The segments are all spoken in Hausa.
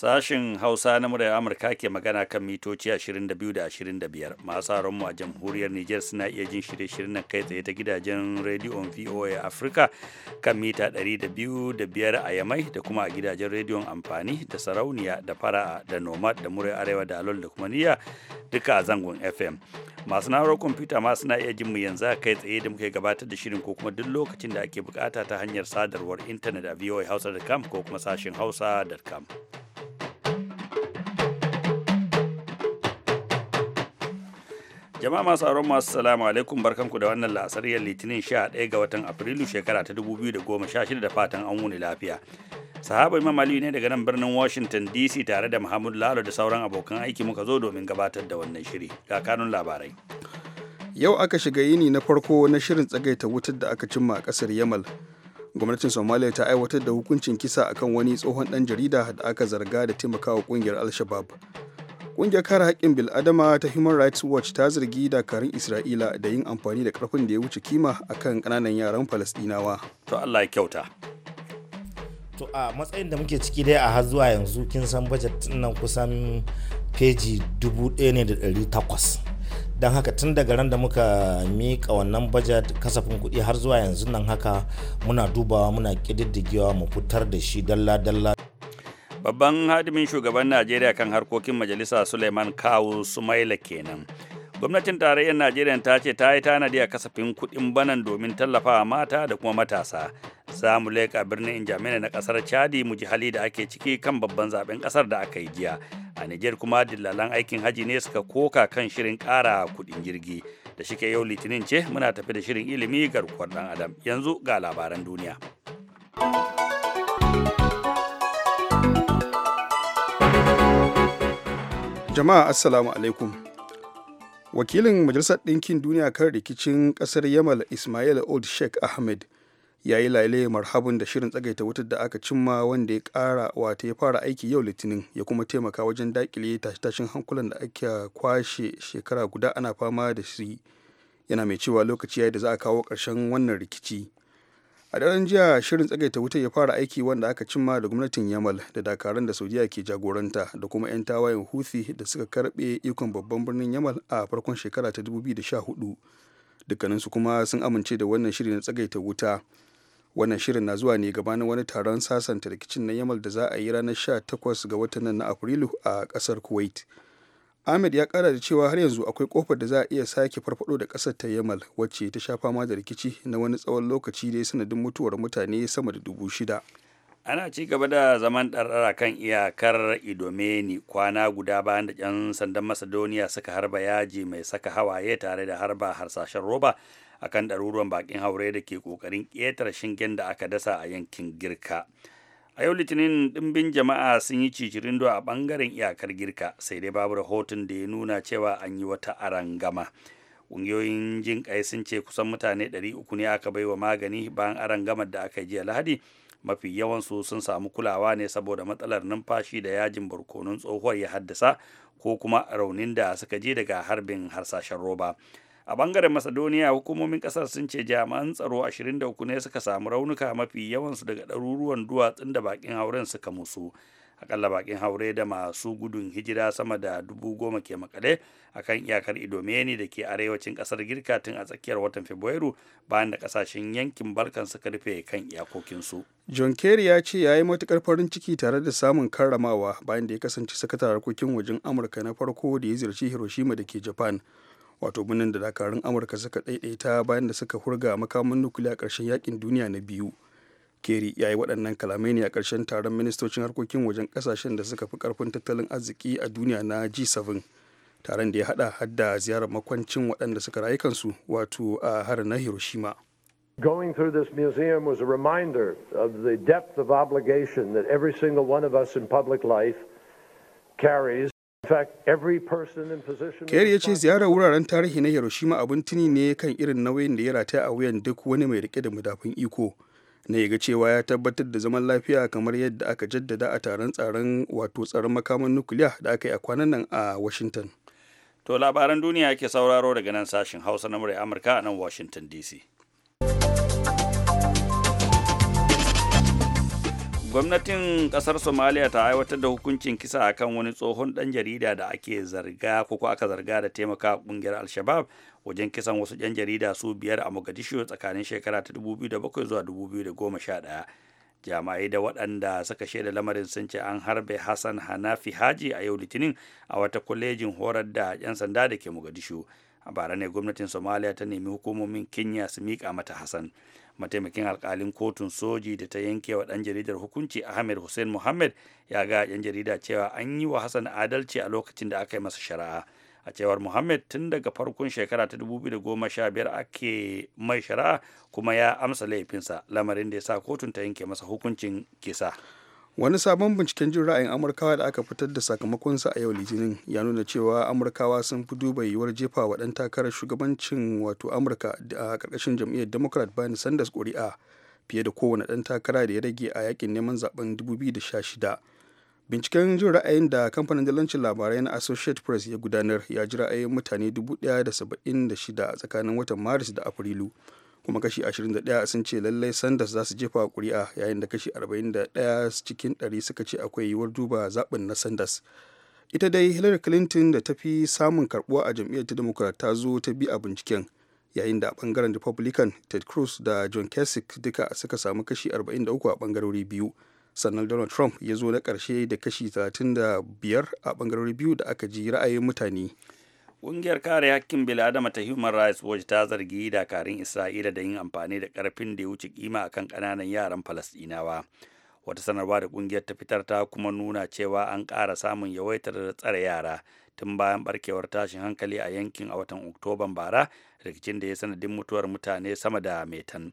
Sashin Hausa na muryar Amurka ke magana kan mitoci 22 da 25 masu mu a jamhuriyar Nijar suna iya jin shirye-shiryen nan kai tsaye ta gidajen rediyon VOA Africa kan mita 205 a Yamai da kuma a gidajen rediyon amfani da sarauniya da fara'a da nomad da muryar arewa da alol da kuma niyya duka a zangon FM. Masu na'urar kwamfuta ma suna iya jin mu yanzu a kai tsaye da muke gabatar da shirin ko kuma duk lokacin da ake bukata ta hanyar sadarwar intanet a voahausa.com ko kuma sashin hausa.com. jama'a masu aron masu salamu alaikum barkanku da wannan lasariyar litinin 11 ga watan afrilu shekara ta 2016 da fatan an wuni lafiya sahaba imam aliyu ne daga nan birnin washington dc tare da muhammadu lalo da sauran abokan aiki muka zo domin gabatar da wannan shiri ga kanun labarai yau aka shiga yini na farko na shirin tsagaita wutar da aka cimma a kasar yamal gwamnatin somaliya ta aiwatar da hukuncin kisa akan wani tsohon dan jarida da aka zarga da taimakawa kungiyar al-shabab Ƙungiyar kare haƙƙin bil'adama ta Human Rights Watch ta zargi dakarun Isra'ila da yin amfani da ƙarfin da ya wuce kima a kan ƙananan yaran Falasɗinawa. To Allah ya kyauta. To a matsayin da muke ciki dai a har zuwa yanzu kin san bajet nan kusan feji dubu ɗaya ne da ɗari takwas. don haka tun daga ran da muka miƙa wannan bajet kasafin kuɗi har zuwa yanzu nan haka muna dubawa muna ƙididdigewa mu fitar da shi dalla-dalla babban hadimin shugaban najeriya kan harkokin majalisa suleiman kawu sumaila kenan gwamnatin tarayyar najeriya ta ce ta yi tanadi a kasafin kuɗin banan domin tallafawa mata da kuma matasa za mu leƙa birnin injamina na ƙasar chadi mu ji hali da ake ciki kan babban zaben ƙasar da aka yi jiya a niger kuma dillalan aikin haji ne suka koka kan shirin ƙara kuɗin jirgi da shike yau litinin ce muna tafi da shirin ilimi garkuwar ɗan adam yanzu ga labaran duniya. thank you jama'a assalamu alaikum wakilin majalisar ɗinkin duniya kan rikicin ƙasar yamal ismail old sheikh ahmed ya yi laile marhabin da shirin tsagaita wutar da aka cimma wanda ya ƙara wata ya fara aiki yau litinin ya kuma taimaka wajen daƙile tashe-tashen hankulan da ake kwashe shekara guda ana fama da shi yana mai cewa lokaci ya yi da za a kawo ƙarshen wannan rikici a daren jiya shirin tsagaita wuta ya fara aiki wanda aka cimma da gwamnatin yamal da dakaran da saudiya ke jagoranta da kuma 'yan tawayen houthi da suka karbe ikon babban birnin yamal a farkon shekara ta 2014 dukkaninsu kuma sun amince da wannan shiri na tsagaita wuta wannan shirin na zuwa ne gabanin wani taron sasanta rikicin na yamal da za a yi ranar 18 ga watan nan na afrilu a kasar kuwait ahmed ya kara da cewa har yanzu akwai kofar da za a iya sake farfado da kasar ta yamal wacce ta sha fama da rikici na wani tsawon lokaci da ya sanadin mutuwar mutane sama da dubu shida ana ci gaba da zaman ɗarɗara kan iyakar idomeni kwana guda bayan da 'yan sandan macedonia suka harba yaji mai saka hawaye tare da harba harsashen roba akan ɗaruruwan bakin haure da ke ƙoƙarin ƙetare shingen da aka dasa a yankin girka a yau litinin ɗimbin jama'a sun yi cicirindo a ɓangaren iyakar girka sai dai babu rahoton da ya nuna cewa an yi wata arangama ƙungiyoyin jin ƙai sun ce kusan mutane 300 ne aka baiwa magani bayan arangamar da aka ji jiya lahadi mafi yawansu sun samu kulawa ne saboda matsalar numfashi da yajin barkonon tsohuwar ya haddasa ko kuma raunin da suka je daga harbin harsashen roba a bangaren macedonia hukumomin kasar sun ce jami'an tsaro 23 ne suka samu raunuka mafi yawansu daga ɗaruruwan duwatsun da bakin hauren suka musu akalla bakin haure da masu gudun hijira sama da dubu goma ke makale a kan iyakar idomeni da ke arewacin kasar girka tun a tsakiyar watan fabrairu bayan da kasashen yankin balkan suka rufe kan iyakokinsu john kerry ya ce ya yi matukar farin ciki tare da samun karramawa bayan da ya kasance sakatar harkokin wajen amurka na farko da ya ziyarci hiroshima da ke japan wato birnin da dakarun amurka suka daidaita bayan da suka hurga makaman nukiliya karshen yakin duniya na biyu keri ya yi waɗannan kalamai ne a karshen taron ministocin harkokin wajen ƙasashen da suka fi ƙarfin tattalin arziki a duniya na g7 taron da ya haɗa hadda ziyarar makwancin waɗanda suka rayu kansu wato a harin na hiroshima Going through this museum was a reminder of the depth of obligation that every single one of us in public life carries. Kerry ya ce ziyarar wuraren tarihi na Hiroshima abin tuni ne kan irin nauyin da ya rataya a wuyan duk wani mai rike da madafin iko na yaga cewa ya tabbatar da zaman lafiya kamar yadda aka jaddada a taron tsaron wato tsaron makaman nukiliya da aka yi a kwanan nan a Washington. To labaran duniya ke sauraro daga nan sashen Hausa na Amurka a nan Washington DC. gwamnatin kasar somaliya ta aiwatar da hukuncin kisa akan wani tsohon dan jarida da ake zarga ko aka zarga da taimaka kungiyar al-shabab wajen kisan wasu yan jarida su biyar a mogadishu tsakanin shekara ta 2007 zuwa 2011 jama'ai da waɗanda suka shaida lamarin sun ce an harbe hassan hanafi haji a yau litinin a wata kwalejin horar da 'yan sanda da ke mogadishu a bara ne gwamnatin somaliya ta nemi hukumomin kenya su miƙa mata hassan mataimakin alkalin kotun soji da ta yanke wa ɗan jaridar hukunci ahmed hussein muhammad ya ga ɗan jarida cewa an yi wa hassan adalci a lokacin da aka yi masa shari'a a cewar muhammad tun daga farkon shekara ta 2015 ake mai shari'a kuma ya amsa laifinsa lamarin da ya sa kotun ta yanke masa hukuncin kisa wani sabon binciken jin ra'ayin amurkawa da aka fitar da sakamakonsa a yau litinin ya nuna cewa amurkawa sun fi duba yiwuwar jefa wa ɗan takarar shugabancin wato amurka a ƙarƙashin jam'iyyar democrat bayan sanders ƙuri'a fiye da kowane ɗan takara da ya rage a yakin neman zaben 2016 binciken jin ra'ayin da kamfanin dalancin labarai na associate press ya gudanar ya ji ra'ayin mutane a tsakanin watan maris da afrilu kuma kashi 21 sun ce lallai sanders za su jefa kuri'a yayin da kashi 41 cikin 100 suka ce akwai yiwuwar duba zaɓin na sanders ita dai hillary clinton da ta fi samun karbuwa a jam'iyyar ta democrat ta zo ta bi a binciken yayin da a bangaren republican ted cruz da john kasich duka suka samu kashi 43 a bangarori biyu sannan donald trump ya zo na karshe da kashi 35 a bangarori biyu da aka ji ra'ayin mutane Ƙungiyar kare hakkin bil'adama ta Human Rights Watch ta zargi dakarun Isra'ila da yin amfani da ƙarfin da ya wuce kima akan ƙananan yaran Falasɗinawa. Wata sanarwa da ƙungiyar ta fitar ta kuma nuna cewa an ƙara samun yawaitar tsare yara tun bayan barkewar tashin hankali a yankin a watan Oktoban bara rikicin da ya sanadin mutuwar mutane sama da metan. tan.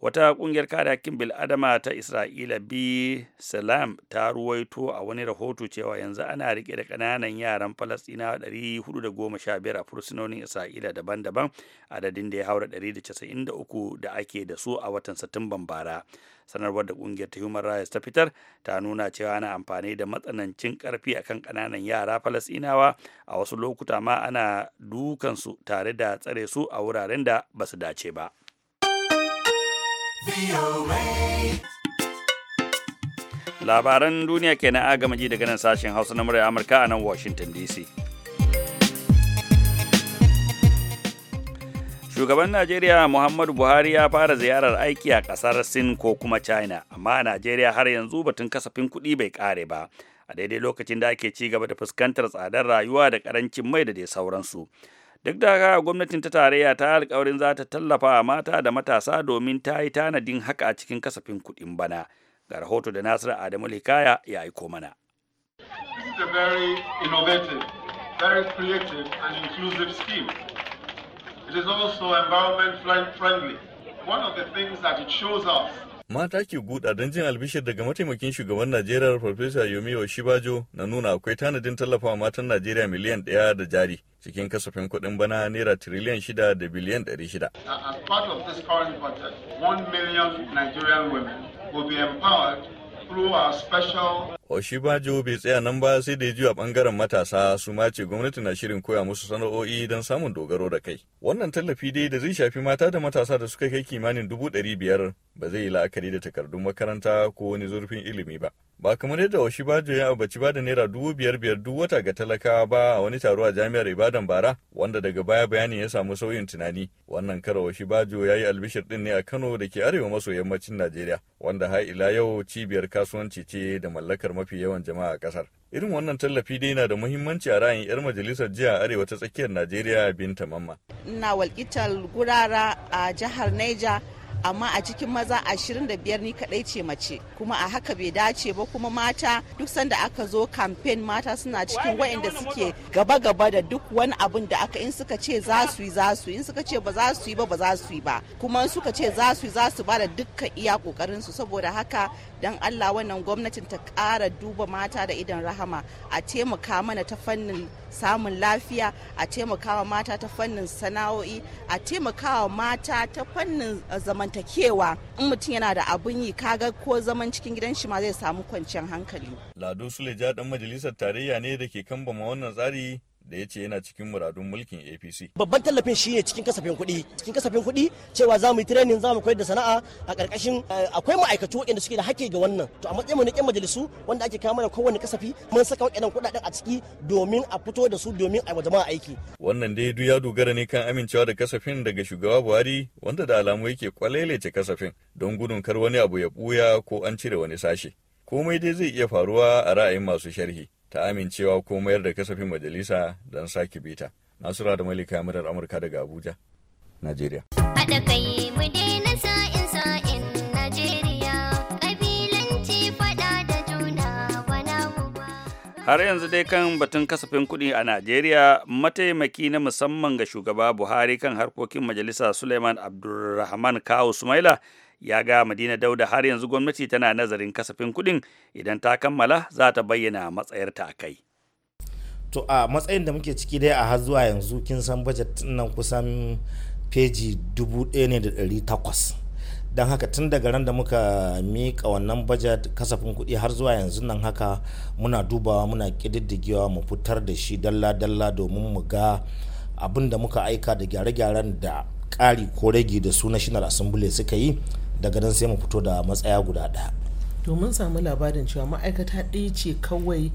wata kungiyar kare hakkin bil'adama ta isra'ila b salam ta ruwaito a wani rahoto cewa yanzu ana rike da kananan yaran falastina 415 a fursunonin isra'ila daban-daban adadin da ya haura 193 da ake da su a watan satumban bara sanarwar da kungiyar ta human rights ta fitar ta nuna cewa ana amfani da matsanancin karfi akan kananan yara falasinawa a wasu lokuta ma ana dukansu tare da tsare su a wuraren da ba su dace ba Labaran duniya kenan agama ji daga nan sashen Hausa na murya Amurka a nan Washington DC. Shugaban Najeriya Muhammadu Buhari ya fara ziyarar aiki a ƙasar Sin ko kuma China, amma a Najeriya har yanzu batun kasafin kuɗi bai ƙare ba, a daidai lokacin da ake ci gaba da fuskantar tsadar rayuwa da ƙarancin mai da dai sauransu. duk da haka gwamnatin ta tarayya ta alkawarin za ta tallafa mata da matasa domin ta yi tanadin haka a cikin kasafin kuɗin bana ga rahoto da nasiru adamu likaya ya aiko mana One of the things that it shows us mata ke guda don jin albishir daga mataimakin shugaban Najeriya Farfesa Yomi shibajo na nuna akwai tanadin tallafawa matan Najeriya miliyan ɗaya da jari cikin kasafin kuɗin bana naira tiriliyan shida da biliyan ɗari shida. will be empowered through our special Oshibajo bai tsaya nan ba sai da ya a bangaren matasa su ma ce gwamnati na shirin koya musu sana'o'i don samun dogaro da kai. Wannan tallafi dai da zai shafi mata da matasa da suka kai kimanin dubu ɗari biyar ba zai yi la'akari da takardun makaranta ko wani zurfin ilimi ba. ba kamar yadda washi bajo ya ba bada naira dubu biyar biyar duk wata ga talakawa ba a wani taro a jami'ar ibadan bara wanda daga baya bayani ya samu sauyin tunani wannan kara washi bajo ya yi albishir din ne a kano da ke arewa maso yammacin najeriya wanda ha ila yau cibiyar kasuwanci ce da mallakar mafi yawan jama'a a kasar irin wannan tallafi dai na da muhimmanci a ra'ayin 'yar majalisar jiha arewa ta tsakiyar najeriya binta mamma ina walƙitar gurara a jihar niger amma a cikin maza ashirin da biyar ni kadai ce mace kuma a haka bai dace ba kuma mata duk sanda aka zo campaign mata suna cikin waɗanda suke gaba-gaba da duk wani abin da aka in suka ce za su yi za su in suka ce ba za su yi ba ba za su yi ba kuma suka ce za su yi za su ba da dukkan iya kokarin su saboda haka dan Allah wannan gwamnatin ta ƙara duba mata da idan rahama a taimaka mana ta fannin samun lafiya a taimakawa mata ta fannin sana'o'i a taimakawa mata ta fannin zaman zamantakewa in mutum yana da abun yi kaga ko zaman cikin gidan shi ma zai samu kwanciyar hankali. Lado Suleja dan majalisar tarayya ne da ke kambama wannan tsari da ya ce yana cikin muradun mulkin apc babban tallafin shine cikin kasafin kuɗi cikin kasafin kuɗi cewa za mu yi training za mu koyar da sana'a a ƙarƙashin eh, akwai ma'aikatu waɗanda suke da haƙƙi ga wannan to a matsayin mu na ƙin majalisu wanda ake kawo mana kowane kasafi mun saka waɗannan kuɗaɗen a ciki domin a fito da su domin a jama'a aiki wannan dai duk ya dogara ne kan amincewa da kasafin daga shugaba buhari wanda da alamu yake kwalelece kasafin don gudun kar wani abu ya ɓuya ko an cire wani sashe komai dai zai iya faruwa a ra'ayin masu sharhi ta amincewa ko mayar da kasafin majalisa don sake bita. Nasura da Malika Murar Amurka daga Abuja, Najeriya. Najeriya, kabilanci faɗa da juna ba. Har yanzu dai kan batun kasafin kuɗi a Najeriya, mataimaki na musamman ga shugaba Buhari kan harkokin majalisa Suleiman Abdulrahman Kawu Sumaila ya ga madina dauda har yanzu gwamnati tana nazarin kasafin kuɗin idan ta kammala za ta bayyana matsayarta a kai to a matsayin da muke ciki dai a har zuwa yanzu kin san bajet nan kusan peji dubu daya ne da ɗari takwas don haka tun daga ran da muka miƙa wannan bajet kasafin kuɗi har zuwa yanzu nan haka muna dubawa muna ƙididdigewa mu fitar da shi dalla-dalla domin mu ga abin da muka aika da gyare-gyaren da ƙari ko rage da su national assembly suka yi daga nan sai mu fito da matsaya guda ɗaya to mun samu labarin cewa ma'aikata ɗaya ce kawai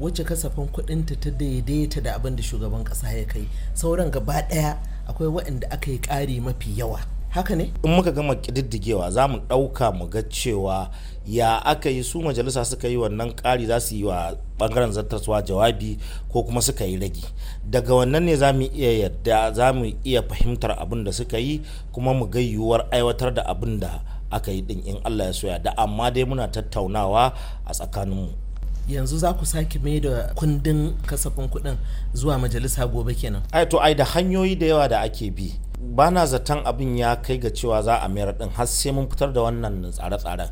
wacce kasafin kuɗinta ta daidaita da abin da shugaban ƙasa ya kai sauran gaba ɗaya akwai waɗanda aka yi ƙari mafi yawa haka ne in muka gama kididdigewa za mu ɗauka mu ga cewa ya aka yi su majalisa suka yi wannan ƙari za su yi wa ɓangaren zartaswa jawabi ko kuma suka yi ragi daga wannan ne za mu iya yadda za mu iya fahimtar abin da suka yi kuma mu ga yiwuwar aiwatar da abin da aka yi ɗin in allah ya soya da amma dai muna tattaunawa a tsakaninmu yanzu za ku sake mai da kundin kasafin kuɗin zuwa majalisa gobe kenan ai to ai da hanyoyi da yawa da ake bi ba na zaton abin ya kai ga cewa za a mayar din har sai mun fitar da wannan tsare-tsaren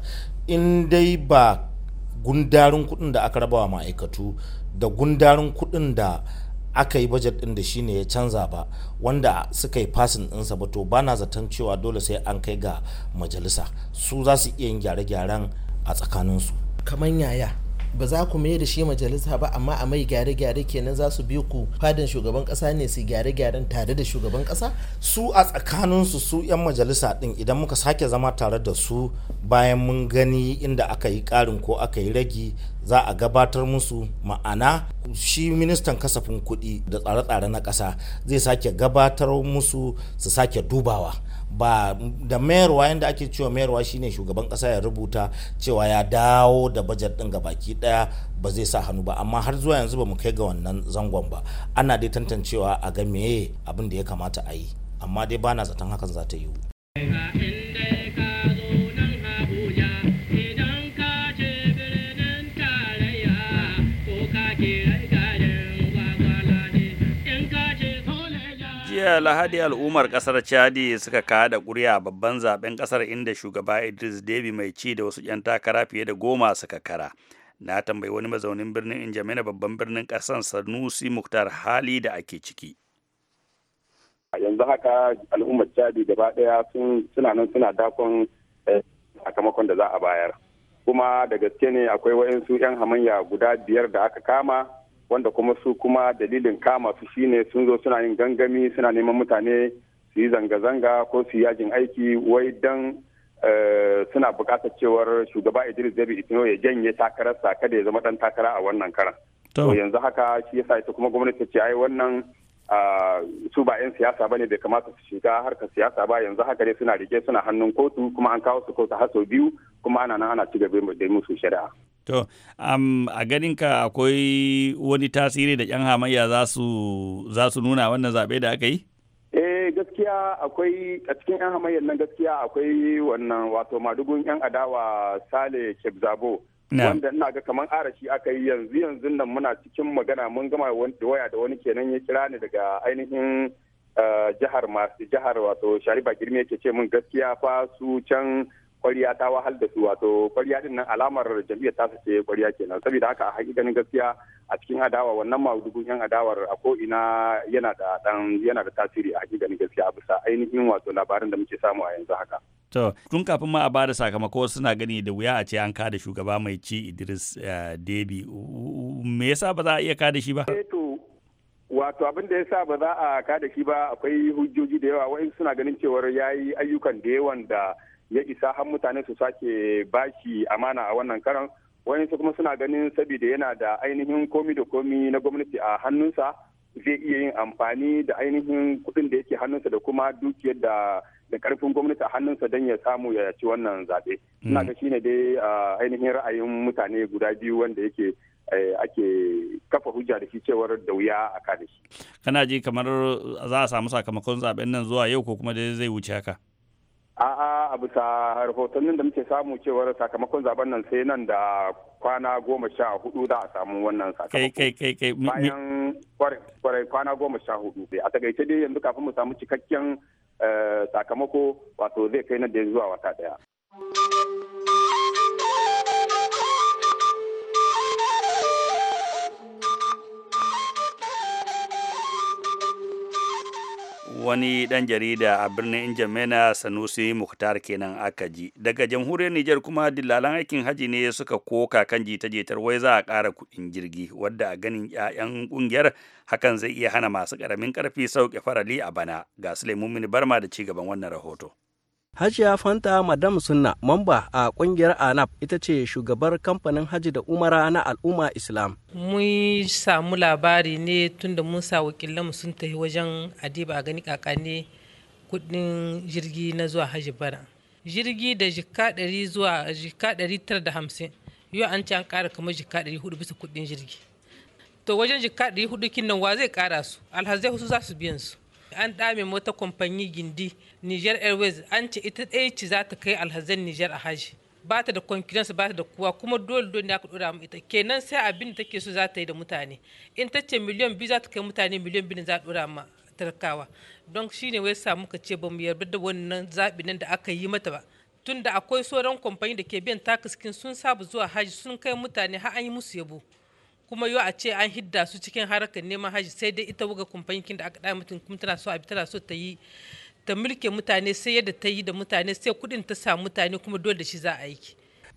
in dai ba gundarin kuɗin da aka rabawa ma'aikatu da gundarin kuɗin da aka yi bajet ɗin da shine ya canza ba wanda suka yi fasin ɗinsa ba to ba na zaton cewa dole sai an kai ga majalisa su za su iya yin gyare-gyaren a tsakaninsu kamar yaya ba za ku mai da shi majalisa ba amma a mai gyare-gyare kenan za su bi ku fadin shugaban kasa ne su gyare-gyaren tare da shugaban kasa su a tsakaninsu su 'yan majalisa din idan muka sake zama tare da su bayan mun gani inda aka yi karin ko aka yi ragi za a gabatar musu ma'ana shi ministan kasafin kuɗi da tsare-tsare na ƙasa zai sake gabatar musu su sake dubawa ba da mayarwa yadda ake cewa mayarwa shine shugaban kasa ya rubuta cewa ya dawo da bajet din baki daya ba zai sa hannu ba amma har zuwa yanzu ba mu kai ga wannan zangon ba ana dai tantancewa a ga meye abin da ya kamata a yi amma dai bana zaton hakan za ta yiwu jiya lahadi al'ummar kasar chadi suka kada ƙuri'a babban zaben kasar inda shugaba idris debi mai ci da wasu 'yan takara fiye da goma suka kara na tambayi wani mazaunin birnin injamina babban birnin kasar sanusi muktar hali da ake ciki yanzu haka al'ummar chadi gaba ɗaya suna nan suna dakon eh, sakamakon da za a bayar kuma da gaske ne akwai waɗansu 'yan hamayya guda biyar da aka kama wanda kuma su kuma dalilin kama su shine sun zo suna yin gangami suna neman mutane su yi zanga-zanga ko su yajin aiki wai dan eh, suna bukatar cewar shugaba idris zabi itino ya janye takararsa kada ya zama dan takara a wannan karan to yanzu haka shi yasa ita kuma gwamnati ce ai wannan ah, su ba 'yan siyasa ba ne bai kamata su shiga harkar siyasa ba yanzu haka dai suna rike suna hannun kotu kuma an kawo su kotu har sau biyu kuma ana nan ana ci gaba da musu shari'a To, um, a ganinka akwai wani tasiri da ‘yan hamayya za su, nuna wannan zaɓe da aka yi? Eh gaskiya akwai a cikin 'yan hamayyar nan gaskiya akwai wannan wato madugun 'yan adawa Sale Kebzabo. Wanda ina ga kamar arashi aka yi yanzu yanzu nan muna cikin magana mun gama waya da wani kenan ya kira ni daga ainihin eh, jihar masu jihar wato shari'a Girme yake ce mun gaskiya fa su can kwariya ta wahal da su wato kwariya din nan alamar jam'iyyar ta ce kwariya kenan saboda haka a hakikanin gaskiya a cikin adawa wannan madugun yan adawar a ko ina yana da dan yana da tasiri a hakikanin gaskiya a bisa ainihin wato labarin da muke samu a yanzu haka to tun kafin ma a bada sakamako suna gani da wuya a ce an kada shugaba mai ci Idris eh, Debi me yasa ba za a iya kada shi ba eh, wato abin da ya sa ba za a kada shi ba akwai hujjoji da yawa wa'in suna ganin cewar ya yi ayyukan da yawan da ya isa har mutane su sake bashi amana a wannan karan wani su kuma suna ganin saboda yana da ainihin komi da komi na gwamnati a hannunsa zai iya yin amfani da ainihin kuɗin da yake hannunsa da kuma dukiyar da da karfin gwamnati a hannunsa don ya samu ya ci wannan zaɓe. Hmm. Ina ga shine dai ainihin ra'ayin mutane guda biyu wanda yake eh, ake kafa hujja da shi cewar da wuya a kada shi. Kana ji kamar za a samu sakamakon zaɓen nan zuwa yau ko kuma dai zai wuce haka? a'a a bisa rahotannin da muke samu cewar sakamakon zaben nan sai nan da kwana goma sha hudu da a samu wannan sakamakon bayan kwarai kwana goma sha hudu sai eh, a takaice dai yanzu kafin mu samu cikakken eh, sakamako wato zai kai na da zuwa wata daya wani dan jarida a birnin Injamena Sanusi mukhtar kenan aka ji. Daga jamhuriyar Nijar kuma dillalan aikin haji ne suka koka kan jita-jitar wai za a kara kuɗin jirgi wadda a ganin 'ya'yan ƙungiyar hakan zai iya hana masu ƙaramin ƙarfi sauke farali a bana. Ga Suleiman Barma da ci gaban wannan rahoto. Hajiya Fanta Madam Sunna mamba a kungiyar ANAP ita ce shugabar kamfanin Haji da Umara na al'umma Islam. Mun samu labari ne tunda mun sa wakilanmu sun tafi wajen Adiba a gani kakane kudin jirgi na zuwa Haji Bara. Jirgi da jika ɗari zuwa jika ɗari tara da hamsin. Yau an ce an ƙara kamar jika ɗari hudu bisa kudin jirgi. To wajen jika ɗari hudu kin nan wa zai ƙara su? Alhazai su za su biyan su. An ɗame wata kwamfani gindi niger airways an ce ita ɗaya ce za ta kai alhazan niger a haji ba ta da confidence ba ta da kowa kuma dole dole ne aka dora mu ita kenan sai abin da take so za ta yi da mutane in ta ce miliyan biyu za ta kai mutane miliyan biyu za ta dora ma talakawa don ne wai sa muka ce ba mu yarda da wannan zaɓi nan da aka yi mata ba tunda akwai sauran kwamfani da ke biyan takaskin sun saba zuwa haji sun kai mutane har an yi musu yabo kuma yau a ce an hidda su cikin harakar neman haji sai dai ita wuga kwamfanikin da aka ɗaya mutum kuma tana so abi tana so ta yi ta mulke mutane sai yadda ta yi da mutane sai kudin ta sa mutane kuma dole shi za a yi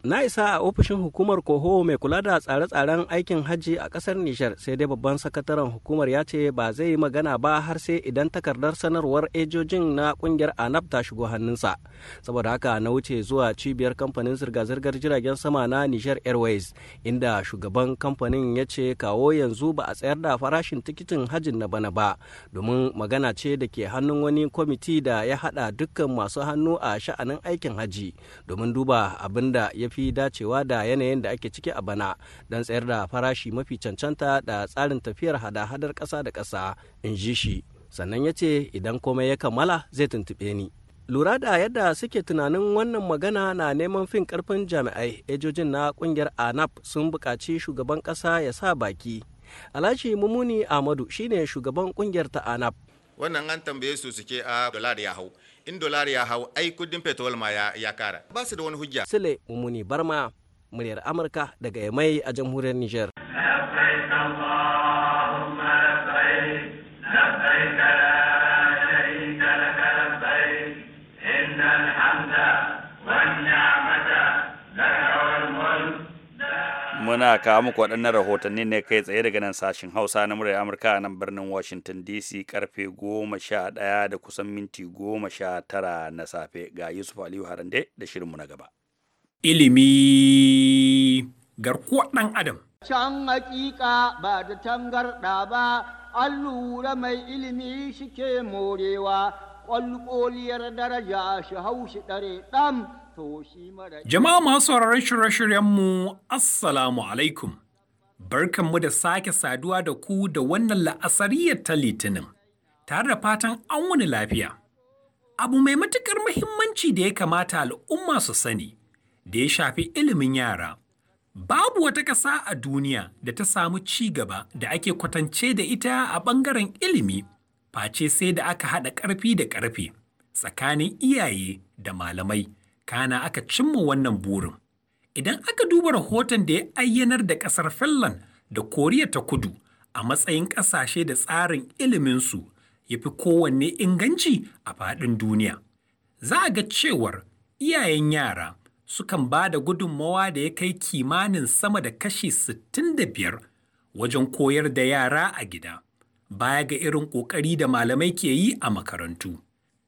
na isa a ofishin hukumar koho mai kula da tsare-tsaren aikin hajji a kasar nishar sai dai babban sakataren hukumar ya ce ba zai yi magana ba har sai idan takardar sanarwar ejojin na kungiyar anab ta shigo hannunsa saboda haka na wuce zuwa cibiyar kamfanin zirga-zirgar jiragen sama na nishar airways inda shugaban kamfanin ya ce kawo yanzu ba a tsayar da farashin tikitin hajjin na bana ba domin magana ce da ke hannun wani kwamiti da ya hada dukkan masu hannu a sha'anin aikin hajji domin duba abinda da ya fi dacewa da yanayin da ake ciki a bana don tsayar da farashi mafi cancanta da tsarin tafiyar hada-hadar ƙasa da ƙasa in ji shi sannan ya ce idan komai ya kammala zai tuntuɓe ni lura da yadda suke tunanin wannan magana na neman fin karfin jami'ai ejojin na kungiyar anap sun buƙaci shugaban ƙasa ya sa baki alhaji mumuni ahmadu shine shugaban kungiyar ta anap wannan an tambaye su suke a dola ya hau in dolar ya hau ai kudin petrol ma ya, ya kara ba su da wani hujja sule mumuni barma muryar amurka daga yamai a jamhuriyar niger muna kawo muku waɗannan rahotanni ne kai tsaye daga nan sashen hausa na muryar amurka a nan birnin washington dc karfe goma da kusan minti goma na safe ga yusuf aliyu harande da shirinmu na gaba ilimi garkuwar ɗan adam can hakika ba da tangarɗa ba an lura mai ilimi shike morewa ƙwalƙoliyar daraja shi haushi ɗare ɗan Jama'a masu sauraron shirye mu Assalamu alaikum. Barkanmu da sake saduwa da ku da wannan la'asariyar ta Litinin, tare da fatan an wani lafiya. Abu mai matuƙar muhimmanci da ya kamata al'umma su sani, da ya shafi ilimin yara. Babu wata ƙasa a duniya da ta samu ci gaba da ake kwatance da ita a ɓangaren ilimi, face sai da aka haɗa ƙarfi da ƙarfi tsakanin iyaye da malamai. kana aka cimma wannan burin. Idan aka duba rahoton da ya ayyanar da ƙasar Finland da Koriya ta kudu a matsayin ƙasashe da tsarin iliminsu ya fi kowanne inganci a faɗin duniya. Za a ga cewar iyayen yara sukan ba da gudunmawa da ya kai kimanin sama da kashi sittin da biyar wajen koyar da yara a gida, baya ga irin ƙoƙari da malamai ke yi a makarantu.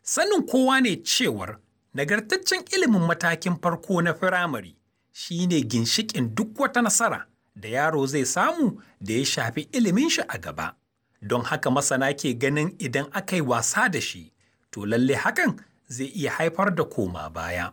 Sanin kowa ne cewar Nagartaccen ilimin matakin farko na firamare shi ne ginshiƙin duk wata nasara da yaro zai samu da ya shafi ilimin shi a gaba. Don haka masana ke ganin idan aka yi wasa da shi, to lalle hakan zai iya haifar da koma baya.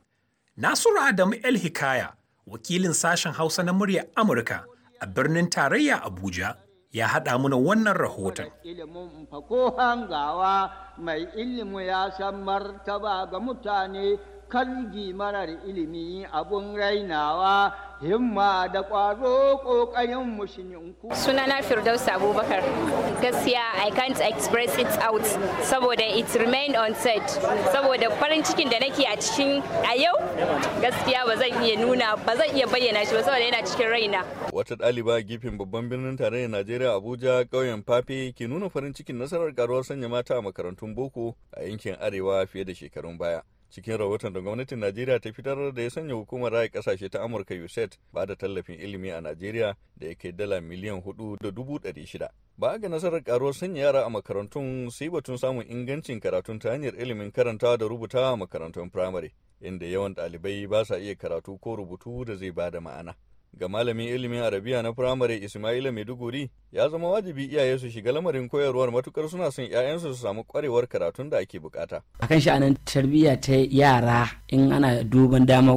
Nasiru Adamu El Hikaya, wakilin sashen Hausa na muryar Amurka a birnin tarayya Abuja. ya haɗa muna wannan rahoton. Ilimin fako hangawa mai ilimu ya san martaba ga mutane kalgi marar ilimi abun rainawa himma da ƙwazo ƙoƙarin suna Sunana Firdaus Abubakar. Gaskiya I can't express it out saboda it remain on set Saboda farin cikin da nake a cikin a yau gaskiya ba zan iya nuna ba zan iya bayyana shi ba saboda yana cikin raina. Wata ɗaliba gifin babban birnin tarayyar Najeriya Abuja ƙauyen Fafe ke nuna farin cikin nasarar karuwar sanya mata a makarantun boko a yankin Arewa fiye da shekarun baya. cikin rahoton da gwamnatin najeriya ta fitar da ya sanya hukumar raya kasashe ta amurka usaid ba da tallafin ilimi a najeriya da ya kai dala miliyan hudu da dubu ɗari shida ba ga nasarar karuwar sanya yara a makarantun sai batun samun ingancin karatun ta hanyar ilimin karantawa da rubuta a makarantun firamare inda yawan ɗalibai ba sa iya karatu ko rubutu da zai ba da ma'ana Ga malamin ilimin Arabiya na firamare Ismaila Maiduguri ya zama wajibi iyaye su shiga lamarin koyarwar matukar suna son 'ya'yansu su samu kwarewar karatun da ake bukata. kan sha'anin tarbiyya ta yara in ana duban dama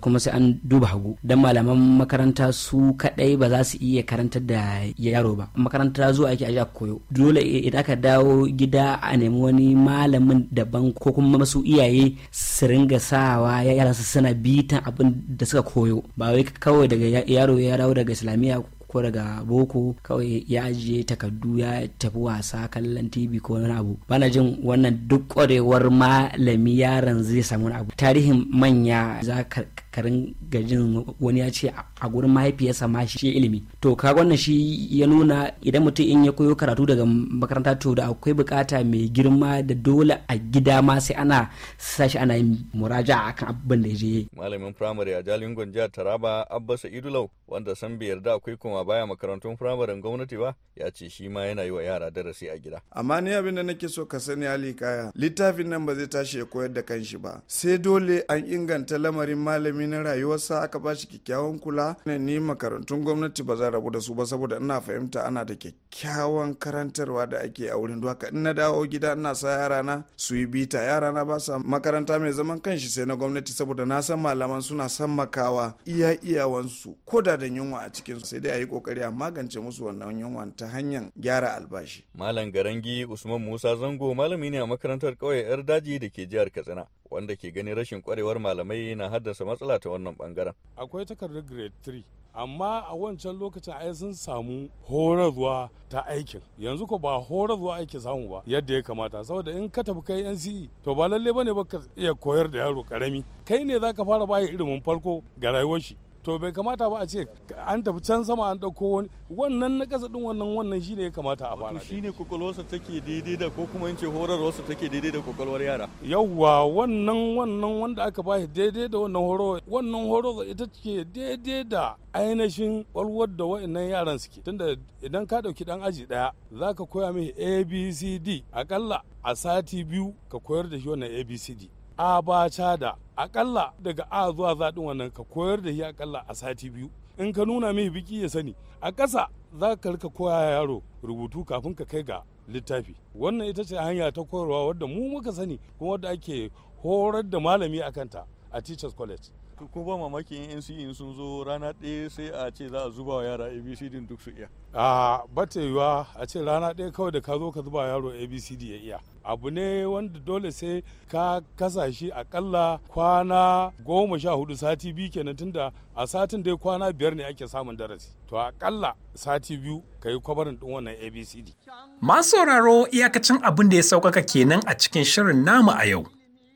kuma sai an duba hagu don malaman makaranta su kadai ba za su iya karantar da yaro ba makaranta zuwa ake aji koyo dole idan aka dawo gida a nemi wani malamin daban ko kuma masu iyaye su ringa sawa su suna bitan abin da suka koyo ba wai kawai daga yaro ya dawo daga islamiyya ko daga boko kawai ya ajiye takardu ya tafi wasa kallon tv ko wani abu bana jin wannan duk kwarewar malami yaron zai samu abu tarihin manya za ka ringa jin wani ya ce a gurin mahaifiyarsa ma shi ilimi to kaga wannan shi ya nuna idan mutum in ya koyo karatu daga makaranta to da akwai bukata mai girma da dole a gida ma sai ana sashi ana yin muraja akan abin da je malamin firamare a jalin jihar taraba abba idulau wanda san bai yarda akwai koma baya makarantun firamaren gwamnati ba ya ce shi ma yana yi wa yara darasi a gida amma ni abin da nake so ka sani ali kaya littafin nan ba zai tashi ya koyar da kanshi ba sai dole an inganta lamarin malami na rayuwarsa aka ba shi kyakkyawan kula ne ni makarantun gwamnati ba zan rabu da su ba saboda ina fahimta ana da kyakkyawan karantarwa da ake a wurin duwaka ina na dawo gida ina sa yarana na su yi bita yarana na ba sa makaranta mai zaman kanshi sai na gwamnati saboda na san malaman suna makawa iya iyawansu ko da da yunwa a cikin sai dai a yi kokari a magance musu wannan yunwa ta hanyar gyara albashi malam garangi usman musa zango malami ne a makarantar kauye yar daji da ke jihar katsina wanda ke ganin rashin kwarewar malamai na haddasa matsala ta wannan bangaren. Akwai takardar grade 3 amma a wancan lokacin ai sun samu horarwa ta aikin yanzu ko ba horarwa ake samu ba yadda ya kamata saboda in ka tafi kai NCE to ba lalle bane ba ka iya koyar da yaro karami kai ne zaka fara bayar ilimin farko ga rayuwar shi to bai kamata ba a ce an tafi can sama an ɗauko wani wannan na ƙasa ɗin wannan wannan shine ya kamata a fara shine kokolwarsa take daidai da ko kuma in ce horarwarsa take daidai da kokolwar yara yawwa wannan wannan wanda aka ba shi daidai da wannan horo wannan horo ita ce daidai da ainihin walwar da wa'annan yaran suke tunda idan ka ɗauki ɗan aji ɗaya za ka koya mai abcd akalla a sati biyu ka koyar da shi wannan abcd abacha da akalla daga a zuwa zaɗin wannan ka koyar da shi akalla a sati biyu in ka nuna mai biki ya sani a ƙasa za ka rika koya yaro rubutu kafin ka kai ga littafi wannan ita ce hanya ta koyarwa wadda mu muka sani kuma wadda ake horar da malami a kanta a teachers college ko ba mamaki in nce in sun zo rana ɗaya sai a ce za a zuba yara abcd duk su iya a bata yiwa a ce rana ɗaya kawai da ka zo ka zuba yaro abcd ya iya abu ne wanda dole sai ka kasa shi akalla kwana goma sha hudu sati biyu kenan tunda a satin dai kwana biyar ne ake samun darasi to akalla sati biyu ka yi kwabarin ɗin wannan abcd masu sauraro iyakacin abin da ya sauƙaƙa kenan a cikin shirin namu a yau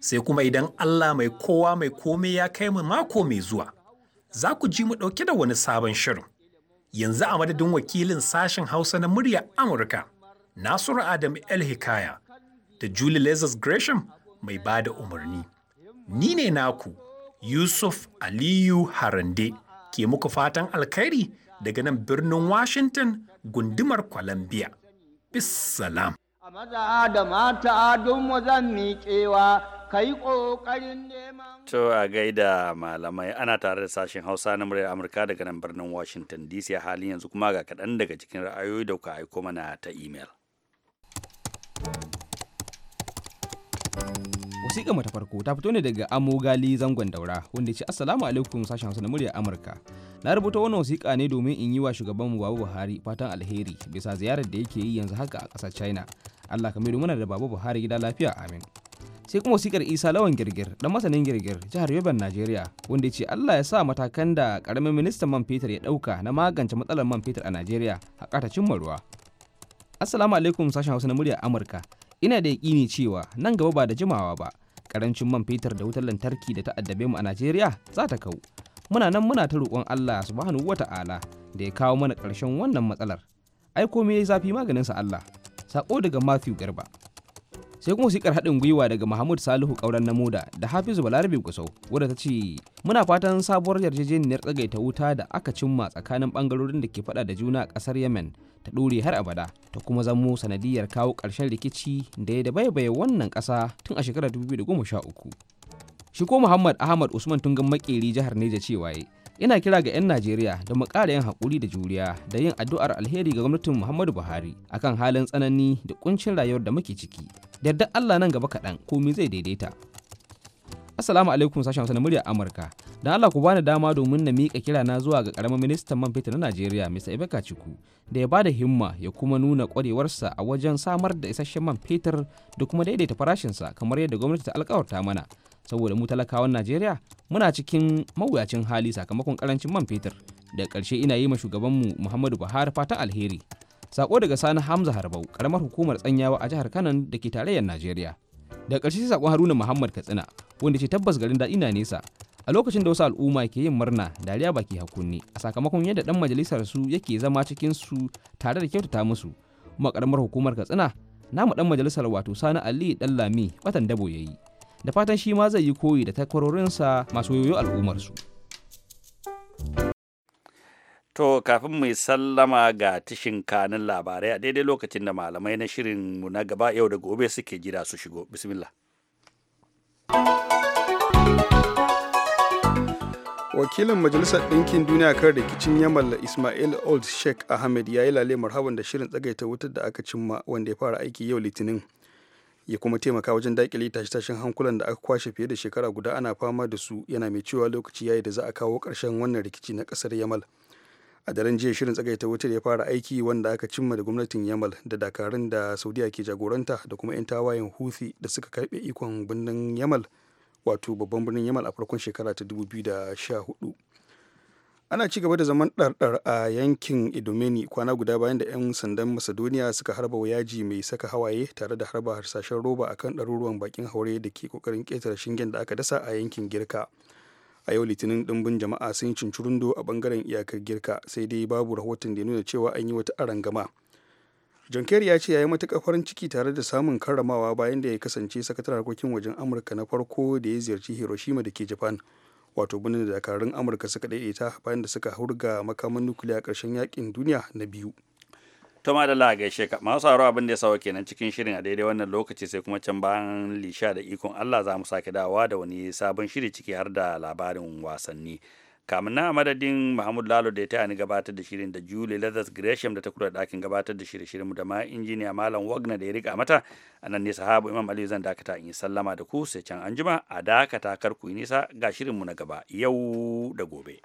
sai kuma idan Allah mai kowa mai komai ya kai mu mako mai zuwa, za ku ji mu ɗauke da wani sabon shirin. Yanzu a madadin wakilin sashen Hausa na murya Amurka, Nasiru Adam El Hikaya da Julie Lazarus Gresham mai ba da umarni. Ni ne naku, Yusuf Aliyu Harande, ke muku fatan alkhairi daga nan birnin Washington gundumar Columbia. Bis salam. A maza da mata adon mu zan miƙewa ka yi neman. To a gaida malamai ana tare da sashen Hausa na muryar Amurka daga nan birnin Washington DC a halin yanzu kuma ga kaɗan daga cikin ra'ayoyi da kuka aiko mana ta imel. Wasiƙa mata farko ta fito ne daga amogali zangon daura wanda ce Assalamu alaikum sashen Hausa na muryar Amurka. Na rubuta wannan wasiƙa ne domin in yi wa shugabanmu Babu Buhari fatan alheri bisa ziyarar da yake yi yanzu haka a ƙasar China. Allah ka mai mana da Babu Buhari gida lafiya amin. sai kuma wasikar isa lawan girgir dan masanin girgir jihar yoban najeriya wanda ya ce allah ya sa matakan da karamin ministan man fetur ya ɗauka na magance matsalar man fetur a najeriya a kata cimma ruwa assalamu alaikum sashen hausa na murya amurka ina da yaƙini cewa nan gaba ba da jimawa ba ƙarancin man fetur da wutar lantarki da ta addabe mu a najeriya za ta kau muna nan muna ta roƙon allah subhanahu wata'ala da ya kawo mana ƙarshen wannan matsalar ai komai zafi maganinsa allah sako daga matthew garba sai kuma musikar haɗin gwiwa daga mahmud salihu ƙauren namuda da hafizu balarabe gusau wadda ta ce muna fatan sabuwar yarjejeniyar tsagaita wuta da aka cimma tsakanin ɓangarorin da ke faɗa da juna a ƙasar yemen ta ɗore har abada ta kuma zamo sanadiyar kawo ƙarshen rikici da ya dabaibaye wannan ƙasa tun a shekarar 2013 shi ko muhammad ahmad usman tungan makeri jihar neja cewa ina kira ga 'yan najeriya da mu ƙara yin haƙuri da juriya da yin addu'ar alheri ga gwamnatin muhammadu buhari akan halin tsanani da kuncin rayuwar da muke ciki da allah nan gaba kaɗan komi zai daidaita assalamu alaikum sashen wasu na murya amurka don allah ku bani dama domin na miƙa kira na zuwa ga ƙaramin ministan man fetur na najeriya mr ibeka ciku da ya ba da himma ya kuma nuna ƙwarewarsa a wajen samar da isasshen man fetur da kuma daidaita farashinsa kamar yadda gwamnati ta alkawarta mana saboda mu talakawan najeriya muna cikin mawuyacin hali sakamakon karancin man fetur da ƙarshe ina yi ma shugabanmu muhammadu buhari fatan alheri sako daga sani hamza harbau karamar hukumar tsanyawa a jihar kanan da ke tarayyar najeriya da ƙarshe sai sakon haruna muhammad katsina wanda ce tabbas garin daɗi na nesa a lokacin da wasu al'umma ke yin murna dariya baki hakunni a sakamakon yadda dan majalisar su yake zama cikin su tare da kyautata musu kuma karamar hukumar katsina namu ɗan majalisar wato sani ali dan watan dabo yayi da fatan shi ma zai yi koyi da takwarorinsa masu yoyo al'ummarsu. To kafin mu sallama ga tashin kanin labarai a daidai lokacin da malamai na shirin mu na gaba yau da gobe suke jira su shigo. Bismillah. wakilin majalisar ɗinkin duniya kan rikicin yamal ismail old sheikh ahmed ya yi lalemar marhaban da shirin tsagaita wutar da aka cimma wanda ya fara aiki yau litinin ya kuma taimaka wajen dakile tashe-tashen hankulan da aka kwashe fiye da shekara guda ana fama da su yana mai cewa lokaci yayi da za a kawo ƙarshen wannan rikici na ƙasar yamal a daren jiya shirin tsagaita wutar ya fara aiki wanda aka cimma da gwamnatin yamal da dakarun da saudiya ke jagoranta da kuma 'yan tawayen huthi da suka karbe ikon birnin yamal wato babban birnin yamal a farkon shekara ta 2014 ana ci gaba da zaman ɗarɗar a yankin idomeni kwana guda bayan da 'yan sandan macedonia suka harba yaji mai saka hawaye tare da harba harsashen roba akan ɗaruruwan bakin haure da ke kokarin ƙetare shingen da aka dasa a yankin girka a yau litinin ɗumbin jama'a sun yi rundo a bangaren iyakar girka sai dai babu rahoton da ya nuna cewa an yi wata arangama john kerry ya ce ya yi matuƙar farin ciki tare da samun karramawa bayan da ya kasance sakataren harkokin wajen amurka na farko da ya ziyarci hiroshima da ke japan wato birnin da dakarun amurka suka daidaita bayan da suka hurga makaman nukiliya karshen yakin duniya na biyu tuma da la gaishe ka masu sauraro abin da ya sawa kenan cikin shirin a daidai wannan lokaci sai kuma can bayan lisha da ikon Allah za mu sake dawowa da wani sabon shiri ciki har da labarin wasanni kamun na madadin Muhammad Lalo da ya taya ni gabatar da shirin da Julie Leathers Gresham da ta kula dakin gabatar da shirye shirin da ma injiniya Malam Wagner da ya rika mata a nan ne Habu Imam Aliyu zan dakata in yi sallama da ku sai can anjima a dakata kar ku nisa ga shirin mu na gaba yau da gobe.